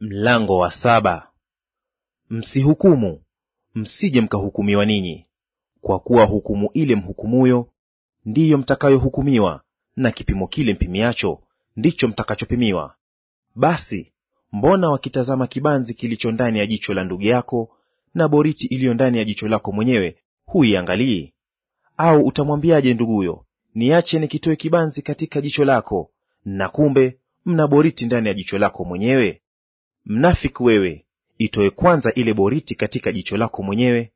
Mlango wa saba. Msihukumu, msije mkahukumiwa ninyi. Kwa kuwa hukumu ile mhukumuyo ndiyo mtakayohukumiwa, na kipimo kile mpimiacho ndicho mtakachopimiwa. Basi mbona wakitazama kibanzi kilicho ndani ya jicho la ndugu yako, na boriti iliyo ndani ya jicho lako mwenyewe huiangalii? Au utamwambiaje nduguyo, niache nikitoe kibanzi katika jicho lako, na kumbe mna boriti ndani ya jicho lako mwenyewe? Mnafiki wewe, itoe kwanza ile boriti katika jicho lako mwenyewe,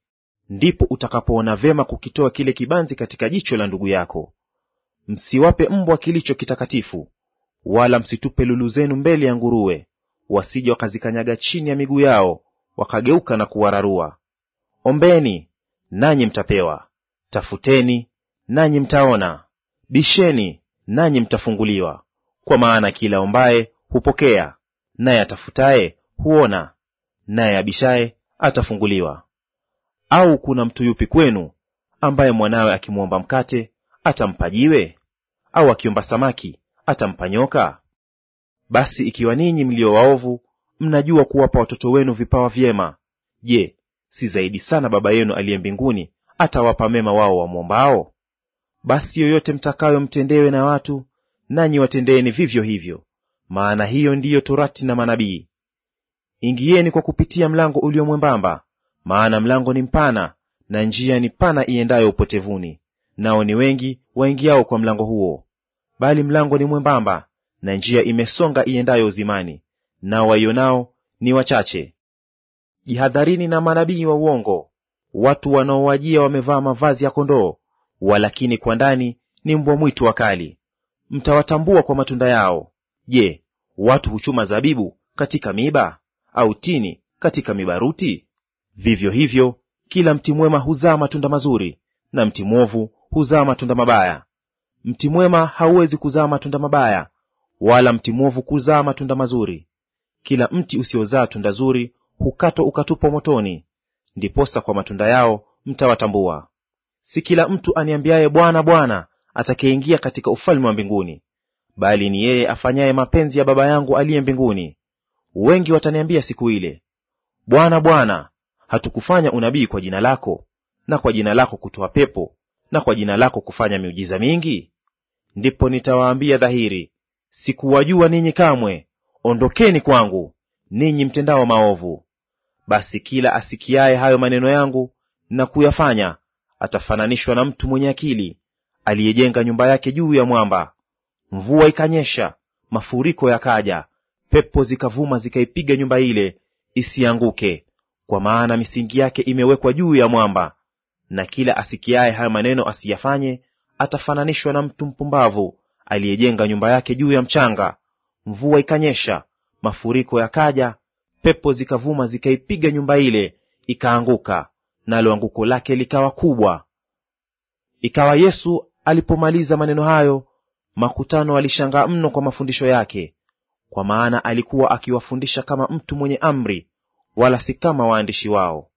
ndipo utakapoona vema kukitoa kile kibanzi katika jicho la ndugu yako. Msiwape mbwa kilicho kitakatifu, wala msitupe lulu zenu mbele ya nguruwe, wasije wakazikanyaga chini ya miguu yao, wakageuka na kuwararua. Ombeni nanyi mtapewa, tafuteni nanyi mtaona, bisheni nanyi mtafunguliwa. Kwa maana kila ombaye hupokea, naye atafutaye huona, naye abishaye atafunguliwa. Au kuna mtu yupi kwenu ambaye mwanawe akimwomba mkate atampa jiwe? Au akiomba samaki atampa nyoka? Basi ikiwa ninyi mlio waovu mnajua kuwapa watoto wenu vipawa vyema, je, si zaidi sana Baba yenu aliye mbinguni atawapa mema wao wamwombao? Basi yoyote mtakayo mtendewe na watu, nanyi watendeeni vivyo hivyo, maana hiyo ndiyo torati na manabii. Ingieni kwa kupitia mlango ulio mwembamba, maana mlango ni mpana na njia ni pana iendayo upotevuni, nao ni wengi waingiao kwa mlango huo. Bali mlango ni mwembamba na njia imesonga iendayo uzimani, nao waionao ni wachache. Jihadharini na manabii wa uongo, watu wanaowajia wamevaa mavazi ya kondoo, walakini kwa ndani ni mbwa mwitu wakali. Mtawatambua kwa matunda yao. Je, watu huchuma zabibu katika miba au tini katika mibaruti? Vivyo hivyo kila mti mwema huzaa matunda mazuri, na mti mwovu huzaa matunda mabaya. Mti mwema hauwezi kuzaa matunda mabaya, wala mti mwovu kuzaa matunda mazuri. Kila mti usiozaa tunda zuri hukatwa ukatupwa motoni. Ndiposa kwa matunda yao mtawatambua. Si kila mtu aniambiaye Bwana, Bwana, atakayeingia katika ufalme wa mbinguni, bali ni yeye afanyaye mapenzi ya Baba yangu aliye mbinguni. Wengi wataniambia siku ile, Bwana, Bwana, hatukufanya unabii kwa jina lako, na kwa jina lako kutoa pepo, na kwa jina lako kufanya miujiza mingi? Ndipo nitawaambia dhahiri, sikuwajua ninyi kamwe, ondokeni kwangu, ninyi mtendao maovu. Basi kila asikiaye hayo maneno yangu na kuyafanya, atafananishwa na mtu mwenye akili aliyejenga nyumba yake juu ya mwamba. Mvua ikanyesha, mafuriko yakaja, pepo zikavuma zikaipiga nyumba ile isianguke, kwa maana misingi yake imewekwa juu ya mwamba. Na kila asikiaye haya maneno asiyafanye, atafananishwa na mtu mpumbavu aliyejenga nyumba yake juu ya mchanga. Mvua ikanyesha, mafuriko yakaja, pepo zikavuma zikaipiga nyumba ile ikaanguka, nalo anguko lake likawa kubwa. Ikawa Yesu alipomaliza maneno hayo Makutano alishangaa mno kwa mafundisho yake, kwa maana alikuwa akiwafundisha kama mtu mwenye amri, wala si kama waandishi wao.